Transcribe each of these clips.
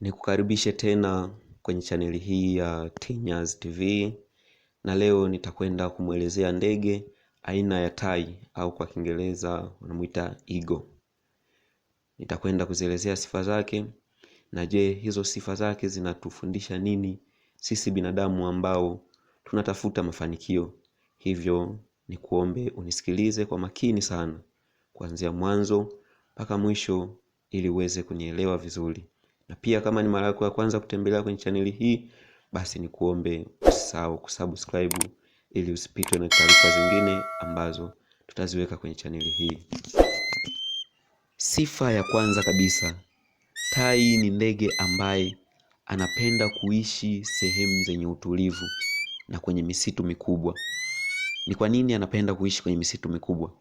nikukaribishe tena kwenye chaneli hii ya Tinyas TV na leo nitakwenda kumwelezea ndege aina ya tai au kwa Kiingereza wanamuita eagle. Nitakwenda kuzielezea sifa zake na je, hizo sifa zake zinatufundisha nini sisi binadamu ambao tunatafuta mafanikio. Hivyo ni kuombe unisikilize kwa makini sana kuanzia mwanzo mpaka mwisho ili uweze kunielewa vizuri na pia kama ni mara yako ya kwanza kutembelea kwenye chaneli hii, basi ni kuombe usisahau kusubscribe ili usipitwe na taarifa zingine ambazo tutaziweka kwenye chaneli hii. Sifa ya kwanza kabisa, tai ni ndege ambaye anapenda kuishi sehemu zenye utulivu na kwenye misitu mikubwa. Ni kwa nini anapenda kuishi kwenye misitu mikubwa?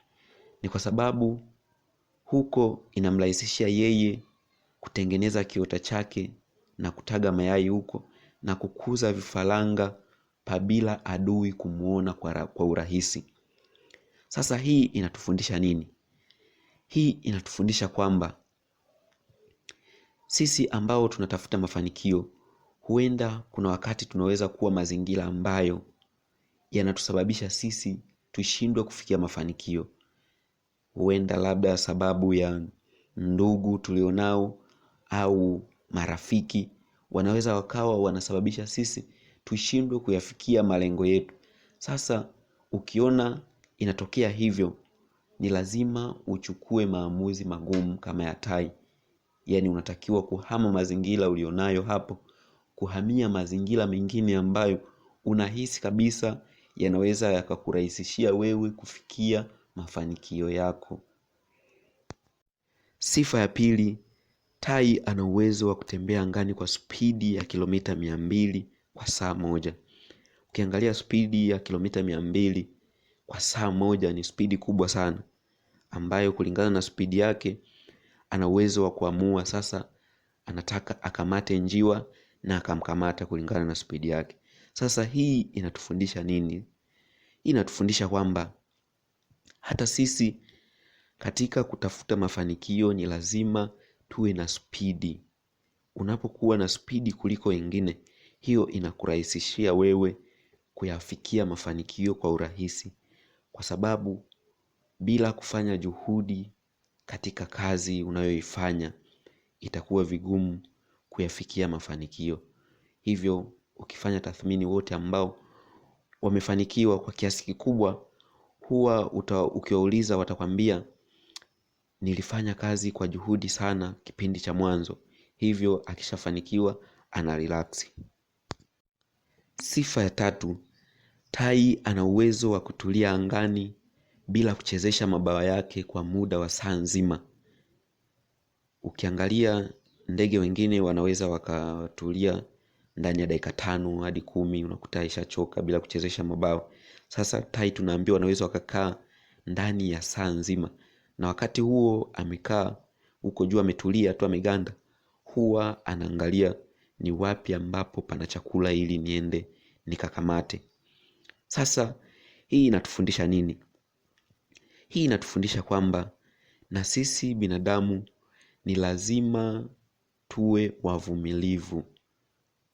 Ni kwa sababu huko inamrahisishia yeye kutengeneza kiota chake na kutaga mayai huko na kukuza vifaranga pabila adui kumwona kwa urahisi. Sasa hii inatufundisha nini? Hii inatufundisha kwamba sisi ambao tunatafuta mafanikio, huenda kuna wakati tunaweza kuwa mazingira ambayo yanatusababisha sisi tushindwe kufikia mafanikio. Huenda labda sababu ya ndugu tulionao au marafiki wanaweza wakawa wanasababisha sisi tushindwe kuyafikia malengo yetu. Sasa ukiona inatokea hivyo ni lazima uchukue maamuzi magumu kama ya tai. Yaani unatakiwa kuhama mazingira ulionayo hapo kuhamia mazingira mengine ambayo unahisi kabisa yanaweza yakakurahisishia wewe kufikia mafanikio yako. Sifa ya pili Tai ana uwezo wa kutembea angani kwa spidi ya kilomita mia mbili kwa saa moja. Ukiangalia spidi ya kilomita mia mbili kwa saa moja ni spidi kubwa sana, ambayo kulingana na spidi yake ana uwezo wa kuamua sasa anataka akamate njiwa na akamkamata kulingana na spidi yake. Sasa hii inatufundisha nini? Hii inatufundisha kwamba hata sisi katika kutafuta mafanikio ni lazima tuwe na spidi. Unapokuwa na spidi kuliko wengine, hiyo inakurahisishia wewe kuyafikia mafanikio kwa urahisi, kwa sababu bila kufanya juhudi katika kazi unayoifanya itakuwa vigumu kuyafikia mafanikio. Hivyo ukifanya tathmini, wote ambao wamefanikiwa kwa kiasi kikubwa, huwa ukiwauliza watakwambia nilifanya kazi kwa juhudi sana kipindi cha mwanzo. Hivyo akishafanikiwa anarelaksi. Sifa ya tatu, tai ana uwezo wa kutulia angani bila kuchezesha mabawa yake kwa muda wa saa nzima. Ukiangalia ndege wengine wanaweza wakatulia ndani ya dakika tano hadi kumi, unakuta ishachoka bila kuchezesha mabawa. Sasa tai tunaambiwa wanaweza wakakaa ndani ya saa nzima na wakati huo amekaa huko juu ametulia tu ameganda huwa anaangalia ni wapi ambapo pana chakula ili niende nikakamate sasa hii inatufundisha nini hii inatufundisha kwamba na sisi binadamu ni lazima tuwe wavumilivu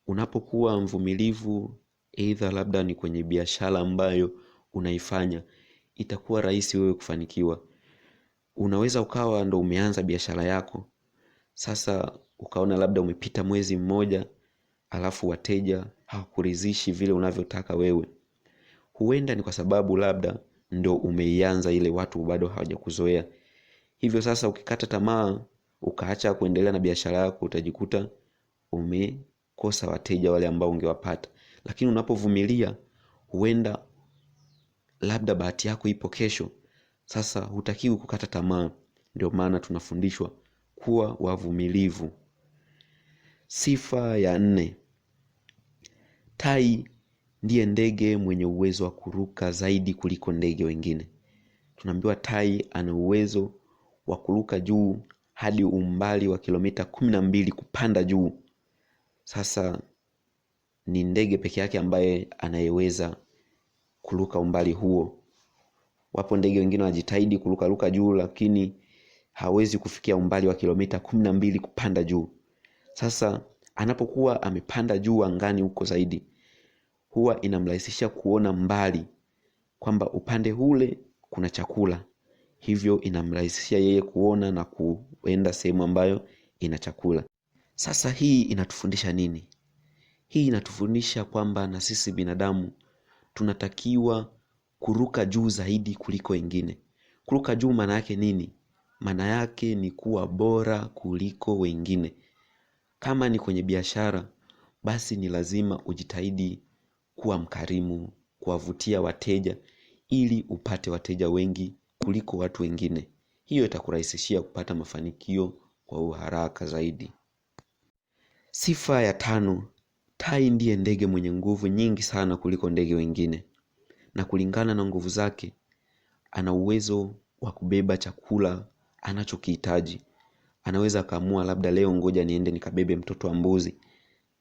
unapokuwa mvumilivu eidha labda ni kwenye biashara ambayo unaifanya itakuwa rahisi wewe kufanikiwa unaweza ukawa ndo umeanza biashara yako sasa ukaona labda umepita mwezi mmoja alafu wateja hawakurizishi vile unavyotaka wewe huenda ni kwa sababu labda ndo umeianza ile watu bado hawajakuzoea hivyo sasa ukikata tamaa ukaacha kuendelea na biashara yako utajikuta umekosa wateja wale ambao ungewapata lakini unapovumilia huenda labda bahati yako ipo kesho sasa hutakiwi kukata tamaa, ndio maana tunafundishwa kuwa wavumilivu. Sifa ya nne, tai ndiye ndege mwenye uwezo wa kuruka zaidi kuliko ndege wengine. Tunaambiwa tai ana uwezo wa kuruka juu hadi umbali wa kilomita kumi na mbili kupanda juu. Sasa ni ndege peke yake ambaye anayeweza kuruka umbali huo. Wapo ndege wengine wanajitahidi kurukaruka juu, lakini hawezi kufikia umbali wa kilomita kumi na mbili kupanda juu. Sasa anapokuwa amepanda juu angani huko zaidi, huwa inamrahisisha kuona mbali kwamba upande ule kuna chakula, hivyo inamrahisisha yeye kuona na kuenda sehemu ambayo ina chakula. Sasa hii inatufundisha nini? Hii inatufundisha kwamba na sisi binadamu tunatakiwa kuruka juu zaidi kuliko wengine. Kuruka juu maana yake nini? Maana yake ni kuwa bora kuliko wengine. Kama ni kwenye biashara, basi ni lazima ujitahidi kuwa mkarimu, kuwavutia wateja, ili upate wateja wengi kuliko watu wengine. Hiyo itakurahisishia kupata mafanikio kwa uharaka zaidi. Sifa ya tano, tai ndiye ndege mwenye nguvu nyingi sana kuliko ndege wengine na kulingana na nguvu zake ana uwezo wa kubeba chakula anachokihitaji anaweza akaamua labda leo ngoja niende nikabebe mtoto wa mbuzi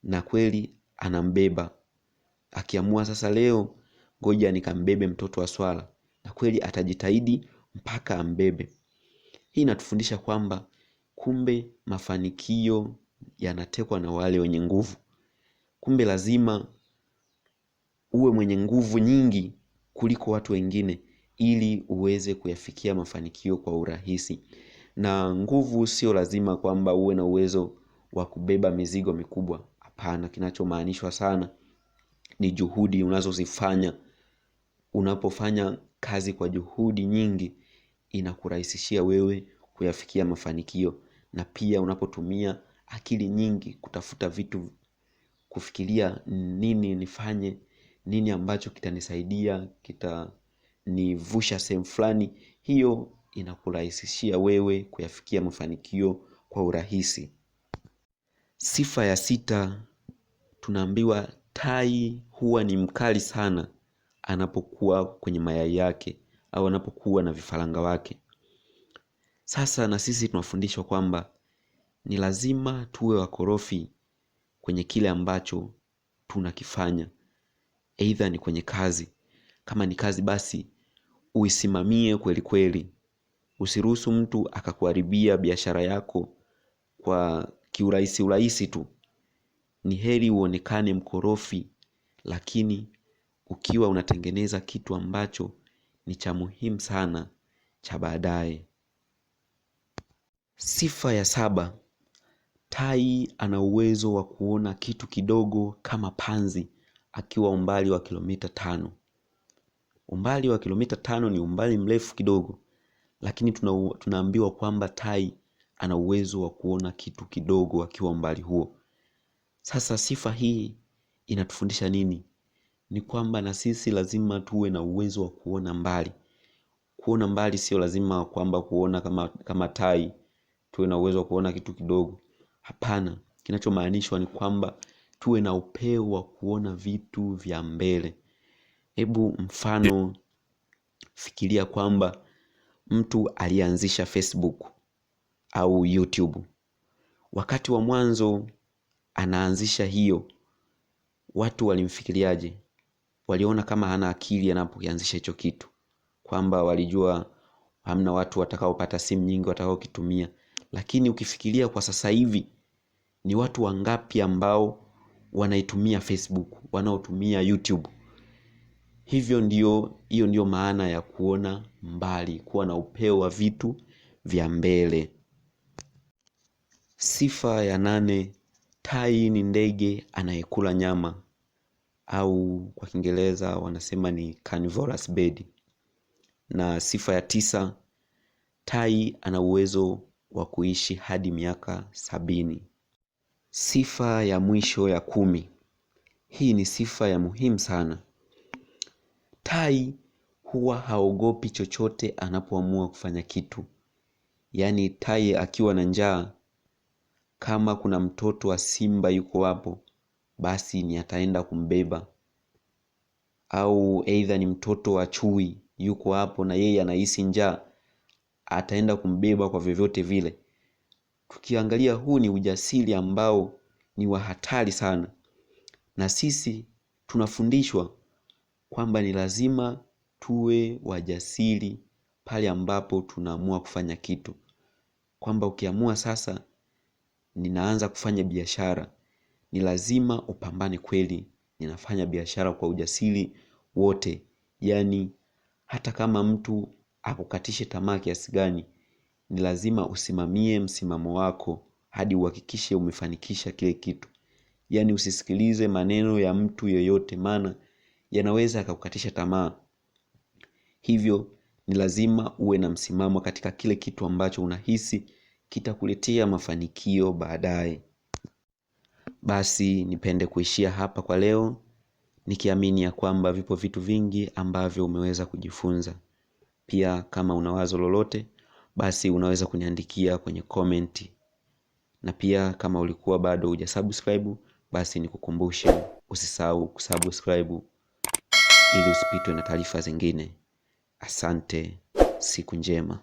na kweli anambeba akiamua sasa leo ngoja nikambebe mtoto wa swala na kweli atajitahidi mpaka ambebe hii inatufundisha kwamba kumbe mafanikio yanatekwa na wale wenye nguvu kumbe lazima uwe mwenye nguvu nyingi kuliko watu wengine ili uweze kuyafikia mafanikio kwa urahisi. Na nguvu sio lazima kwamba uwe na uwezo wa kubeba mizigo mikubwa. Hapana kinachomaanishwa sana ni juhudi unazozifanya. Unapofanya kazi kwa juhudi nyingi inakurahisishia wewe kuyafikia mafanikio. Na pia unapotumia akili nyingi kutafuta vitu kufikiria nini nifanye nini ambacho kitanisaidia kitanivusha sehemu fulani hiyo inakurahisishia wewe kuyafikia mafanikio kwa urahisi sifa ya sita tunaambiwa tai huwa ni mkali sana anapokuwa kwenye mayai yake au anapokuwa na vifaranga wake sasa na sisi tunafundishwa kwamba ni lazima tuwe wakorofi kwenye kile ambacho tunakifanya eidha ni kwenye kazi. Kama ni kazi basi uisimamie kweli kweli. Usiruhusu mtu akakuharibia biashara yako kwa kiurahisi urahisi tu. Ni heri uonekane mkorofi lakini ukiwa unatengeneza kitu ambacho ni cha muhimu sana cha baadaye. Sifa ya saba, tai ana uwezo wa kuona kitu kidogo kama panzi akiwa umbali wa kilomita tano umbali wa kilomita tano ni umbali mrefu kidogo lakini tuna, tunaambiwa kwamba tai ana uwezo wa kuona kitu kidogo akiwa umbali huo sasa sifa hii inatufundisha nini ni kwamba na sisi lazima tuwe na uwezo wa kuona mbali kuona mbali sio lazima kwamba kuona kama, kama tai tuwe na uwezo wa kuona kitu kidogo hapana kinachomaanishwa ni kwamba tuwe na upeo wa kuona vitu vya mbele. Hebu mfano, fikiria kwamba mtu alianzisha Facebook au YouTube. Wakati wa mwanzo anaanzisha hiyo, watu walimfikiriaje? Waliona kama hana akili anapokianzisha hicho kitu, kwamba walijua hamna watu watakaopata simu nyingi watakaokitumia. Lakini ukifikiria kwa sasa hivi, ni watu wangapi ambao wanaitumia Facebook, wanaotumia YouTube. Hivyo ndio hiyo ndio maana ya kuona mbali, kuwa na upeo wa vitu vya mbele. Sifa ya nane, tai ni ndege anayekula nyama au kwa Kiingereza wanasema ni carnivorous bird. Na sifa ya tisa, tai ana uwezo wa kuishi hadi miaka sabini. Sifa ya mwisho ya kumi. Hii ni sifa ya muhimu sana. Tai huwa haogopi chochote anapoamua kufanya kitu. Yaani tai akiwa na njaa, kama kuna mtoto wa simba yuko hapo, basi ni ataenda kumbeba. Au aidha ni mtoto wa chui yuko hapo na yeye anahisi njaa, ataenda kumbeba kwa vyovyote vile tukiangalia huu ni ujasiri ambao ni wa hatari sana na sisi tunafundishwa kwamba ni lazima tuwe wajasiri pale ambapo tunaamua kufanya kitu kwamba ukiamua sasa ninaanza kufanya biashara ni lazima upambane kweli ninafanya biashara kwa ujasiri wote yani hata kama mtu akukatishe tamaa kiasi gani ni lazima usimamie msimamo wako hadi uhakikishe umefanikisha kile kitu yaani usisikilize maneno ya mtu yoyote maana yanaweza yakakukatisha tamaa hivyo ni lazima uwe na msimamo katika kile kitu ambacho unahisi kitakuletea mafanikio baadaye basi nipende kuishia hapa kwa leo nikiamini ya kwamba vipo vitu vingi ambavyo umeweza kujifunza pia kama una wazo lolote basi unaweza kuniandikia kwenye komenti na pia kama ulikuwa bado hujasubscribe basi nikukumbushe usisahau kusubscribe ili usipitwe na taarifa zingine asante siku njema